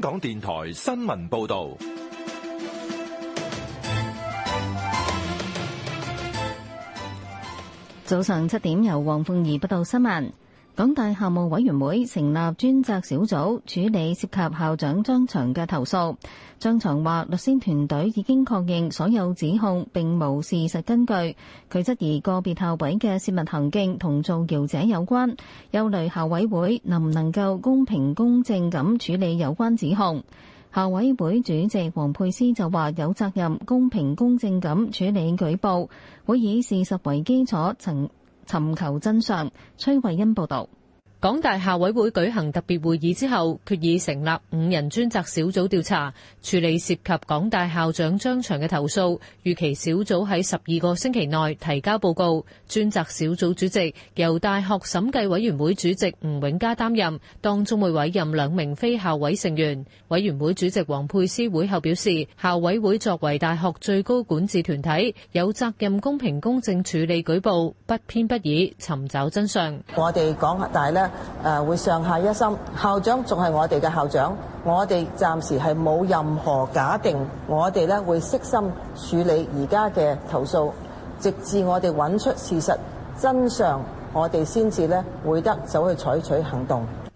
香港電台新聞報道。早上七點，由黃鳳儀報道新聞。港大校務委員會成立專責小組處理涉及校長張翔嘅投訴。張翔話：律師團隊已經確認所有指控並無事實根據。佢質疑個別校委嘅泄密行徑同造謠者有關，憂慮校委會能唔能夠公平公正咁處理有關指控。校委會主席王沛詩就話：有責任公平公正咁處理舉報，會以事實為基礎尋尋求真相。崔慧欣報道。港大校委會舉行特別會議之後，決議成立五人專責小組調查處理涉及港大校長張翔嘅投訴，預期小組喺十二個星期內提交報告。專責小組主席由大學審計委員會主席吳永嘉擔任，當中會委任兩名非校委成員。委員會主席王沛詩會後表示，校委會作為大學最高管治團體，有責任公平公正處理舉報，不偏不倚，尋找真相。我哋講大咧。誒，會上下一心，校長仲係我哋嘅校長，我哋暫時係冇任何假定，我哋咧會悉心處理而家嘅投訴，直至我哋揾出事實真相，我哋先至咧會得手去採取行動。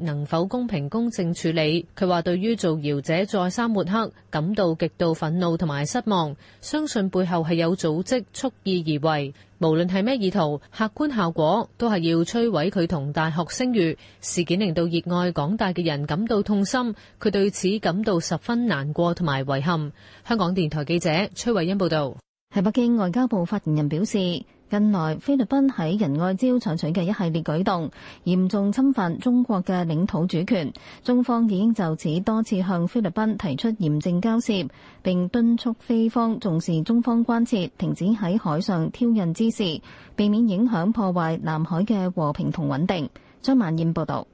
能否公平公正處理？佢話對於造謠者再三抹黑，感到極度憤怒同埋失望，相信背後係有組織蓄意而為。無論係咩意圖，客觀效果都係要摧毀佢同大學聲譽。事件令到熱愛港大嘅人感到痛心，佢對此感到十分難過同埋遺憾。香港電台記者崔慧欣報道。係北京外交部發言人表示，近來，菲律賓喺仁愛礁採取嘅一系列舉動，嚴重侵犯中國嘅領土主權。中方已經就此多次向菲律賓提出嚴正交涉，並敦促菲方重視中方關切，停止喺海上挑釁之事，避免影響破壞南海嘅和平同穩定。張曼燕報導。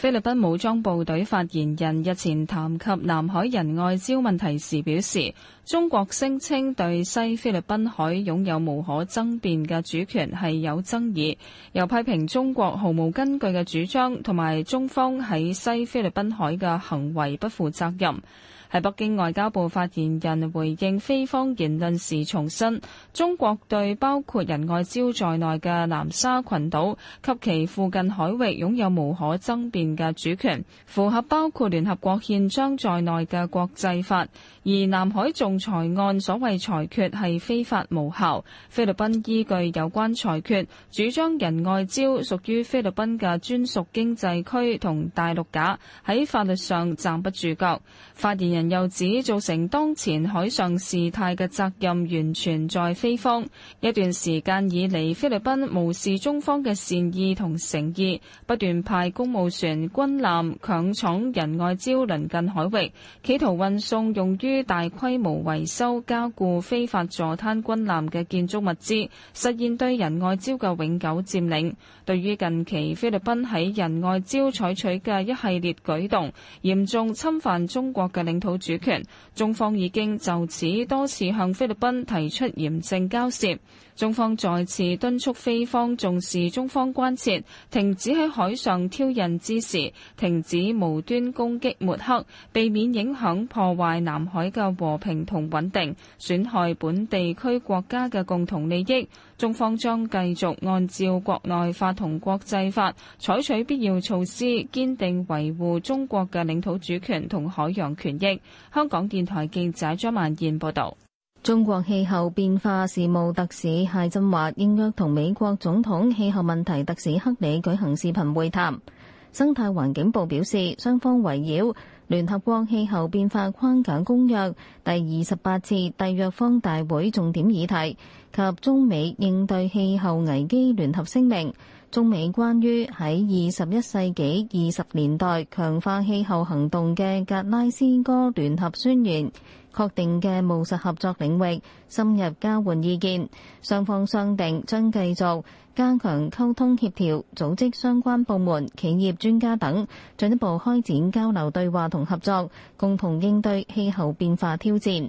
菲律賓武裝部隊發言人日前談及南海仁愛礁問題時表示，中國聲稱對西菲律賓海擁有無可爭辯嘅主權係有爭議，又批評中國毫無根據嘅主張，同埋中方喺西菲律賓海嘅行為不負責任。喺北京外交部發言人回應菲方言論時重申，中國對包括仁愛礁在內嘅南沙群島及其附近海域擁有無可爭辯嘅主權，符合包括聯合國憲章在內嘅國際法。而南海仲裁案所謂裁決係非法無效，菲律賓依據有關裁決，主張仁愛礁屬於菲律賓嘅專屬經濟區同大陸架，喺法律上站不住腳。發言人。人又指造成當前海上事態嘅責任完全在菲方。一段時間以嚟，菲律賓無視中方嘅善意同誠意，不斷派公務船軍艦強闖仁愛礁鄰近海域，企圖運送用於大規模維修加固非法坐灘軍艦嘅建築物資，實現對仁愛礁嘅永久佔領。對於近期菲律賓喺仁愛礁採取嘅一系列舉動，嚴重侵犯中國嘅領土。主權，中方已經就此多次向菲律賓提出嚴正交涉。中方再次敦促菲方重視中方關切，停止喺海上挑釁之時，停止無端攻擊抹黑，避免影響破壞南海嘅和平同穩定，損害本地區國家嘅共同利益。中方將繼續按照國內法同國際法採取必要措施，堅定維護中國嘅領土主權同海洋權益。香港電台記者張曼燕報道，中國氣候變化事務特使解振華應約同美國總統氣候問題特使克里舉行視頻會談。生態環境部表示，雙方圍繞聯合國氣候變化框架公約第二十八次締約方大會重點議題及中美應對氣候危機聯合聲明。中美關於喺二十一世紀二十年代強化氣候行動嘅格拉斯哥聯合宣言確定嘅務實合作領域，深入交換意見，雙方商定將繼續加強溝通協調，組織相關部門、企業、專家等進一步開展交流對話同合作，共同應對氣候變化挑戰。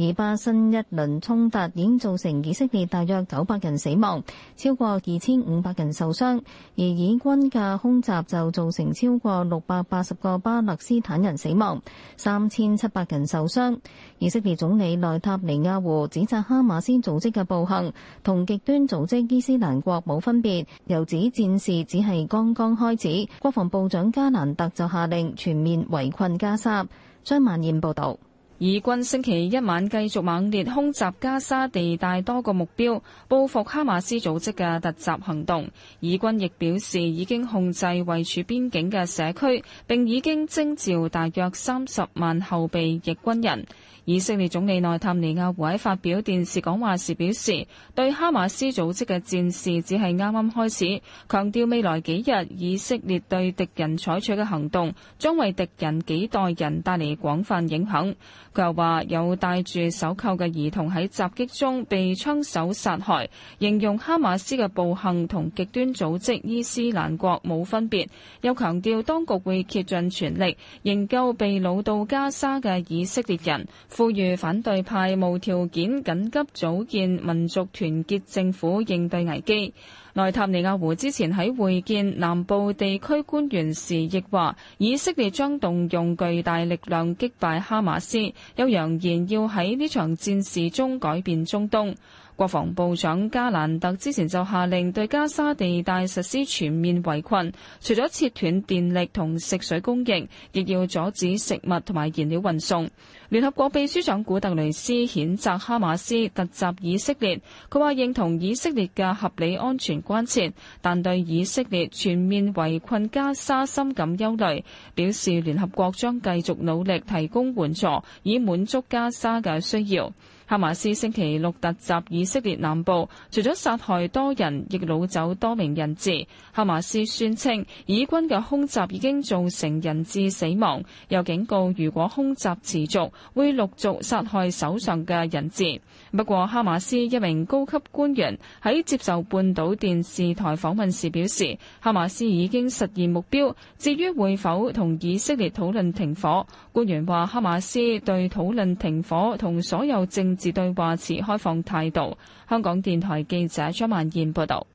以巴新一輪衝突已經造成以色列大約九百人死亡，超過二千五百人受傷；而以軍嘅空襲就造成超過六百八十個巴勒斯坦人死亡，三千七百人受傷。以色列總理內塔尼亞胡指責哈馬斯組織嘅暴行同極端組織伊斯蘭國冇分別，又指戰事只係剛剛開始。國防部長加蘭特就下令全面圍困加沙。張萬燕報道。以軍星期一晚繼續猛烈空襲加沙地帶多個目標，報復哈馬斯組織嘅突襲行動。以軍亦表示已經控制位處邊境嘅社區，並已經徵召大約三十萬後備役軍人。以色列總理內塔尼亞胡喺發表電視講話時表示，對哈馬斯組織嘅戰事只係啱啱開始，強調未來幾日以色列對敵人採取嘅行動將為敵人幾代人帶嚟廣泛影響。佢又話有戴住手銬嘅兒童喺襲擊中被槍手殺害，形容哈馬斯嘅暴行同極端組織伊斯蘭國冇分別。又強調當局會竭盡全力營救被擄到加沙嘅以色列人。呼籲反對派無條件緊急組建民族團結政府應對危機。內塔尼亞胡之前喺會見南部地區官員時，亦話以色列將動用巨大力量擊敗哈馬斯，又揚言要喺呢場戰事中改變中東。國防部長加蘭特之前就下令對加沙地帶實施全面圍困，除咗切斷電力同食水供應，亦要阻止食物同埋燃料運送。聯合國秘書長古特雷斯譴責哈馬斯突襲以色列，佢話認同以色列嘅合理安全。關切，但對以色列全面圍困加沙深感憂慮，表示聯合國將繼續努力提供援助，以滿足加沙嘅需要。哈馬斯星期六突襲以色列南部，除咗殺害多人，亦擄走多名人質。哈馬斯宣稱，以軍嘅空襲已經造成人質死亡，又警告如果空襲持續，會陸續殺害手上嘅人質。不過，哈馬斯一名高級官員喺接受半島電視台訪問時表示，哈馬斯已經實現目標。至於會否同以色列討論停火，官員話哈馬斯對討論停火同所有政是對話持開放態度。香港電台記者張曼燕報道。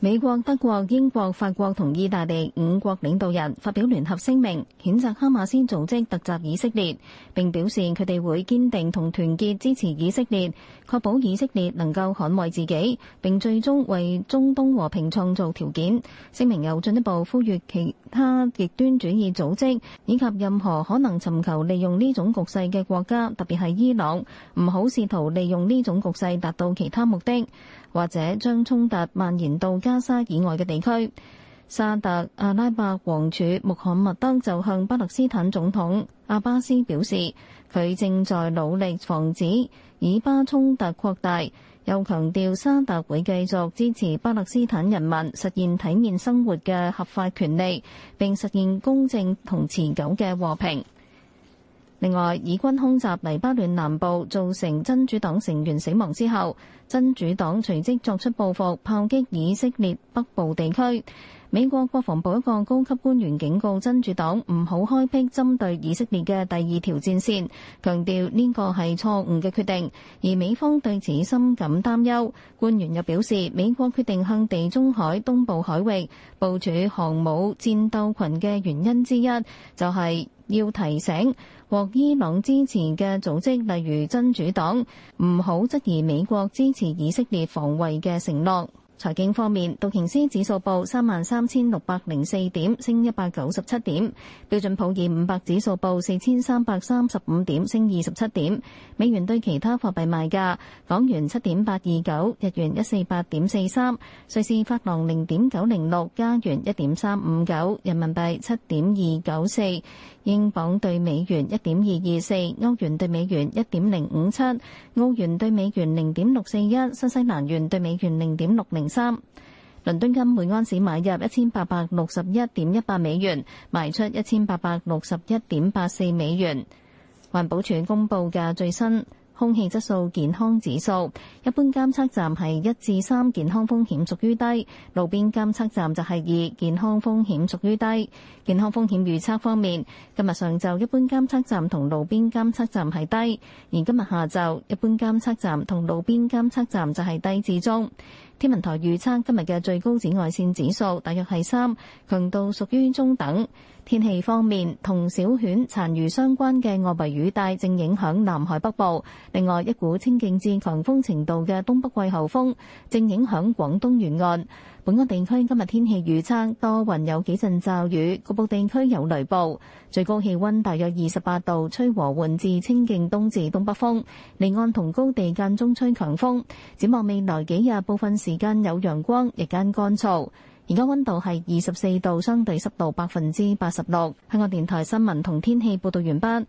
美國、德國、英國、法國同意大利五國領導人發表聯合聲明，譴責哈馬斯組織突襲以色列，並表示佢哋會堅定同團結支持以色列，確保以色列能夠捍衛自己，並最終為中東和平創造條件。聲明又進一步呼籲其他極端主義組織以及任何可能尋求利用呢種局勢嘅國家，特別係伊朗，唔好試圖利用呢種局勢達到其他目的，或者將衝突蔓延到加沙以外嘅地區，沙特阿拉伯王儲穆罕默德就向巴勒斯坦總統阿巴斯表示，佢正在努力防止以巴衝突擴大，又強調沙特會繼續支持巴勒斯坦人民實現體面生活嘅合法權利，並實現公正同持久嘅和平。另外，以軍空襲黎巴嫩南部造成真主黨成員死亡之後，真主黨隨即作出報復，炮擊以色列北部地區。美國國防部一個高級官員警告真主黨唔好開闢針對以色列嘅第二條戰線，強調呢個係錯誤嘅決定，而美方對此深感擔憂。官員又表示，美國決定向地中海東部海域部署航母戰鬥群嘅原因之一，就係要提醒獲伊朗支持嘅組織，例如真主黨，唔好質疑美國支持以色列防衛嘅承諾。財經方面，道瓊斯指數報三萬三千六百零四點，升一百九十七點；標準普爾五百指數報四千三百三十五點，升二十七點。美元對其他貨幣賣價：港元七點八二九，日元一四八點四三，瑞士法郎零點九零六，加元一點三五九，人民幣七點二九四，英鎊對美元一點二二四，歐元對美元一點零五七，澳元對美元零點六四一，新西蘭元對美元零點六零。三倫敦金每安士買入一千八百六十一點一八美元，賣出一千八百六十一點八四美元。環保署公布嘅最新空氣質素健康指數，一般監測站係一至三，健康風險屬於低；路邊監測站就係二，健康風險屬於低。健康風險預測方面，今日上晝一般監測站同路邊監測站係低，而今日下晝一般監測站同路邊監測站就係低至中。天文台預測今日嘅最高紫外線指數大約係三，強度屬於中等。天氣方面，同小犬殘餘相關嘅外圍雨帶正影響南海北部，另外一股清勁至強風程度嘅東北季候風正影響廣東沿岸。本港地區今日天氣預測，多雲有幾陣驟雨，局部地區有雷暴，最高氣溫大約二十八度，吹和緩至清勁東至東北風，離岸同高地間中吹強風。展望未來幾日，部分時間有陽光，日間乾燥。而家溫度係二十四度，相對濕度百分之八十六。香港電台新聞同天氣報道完畢。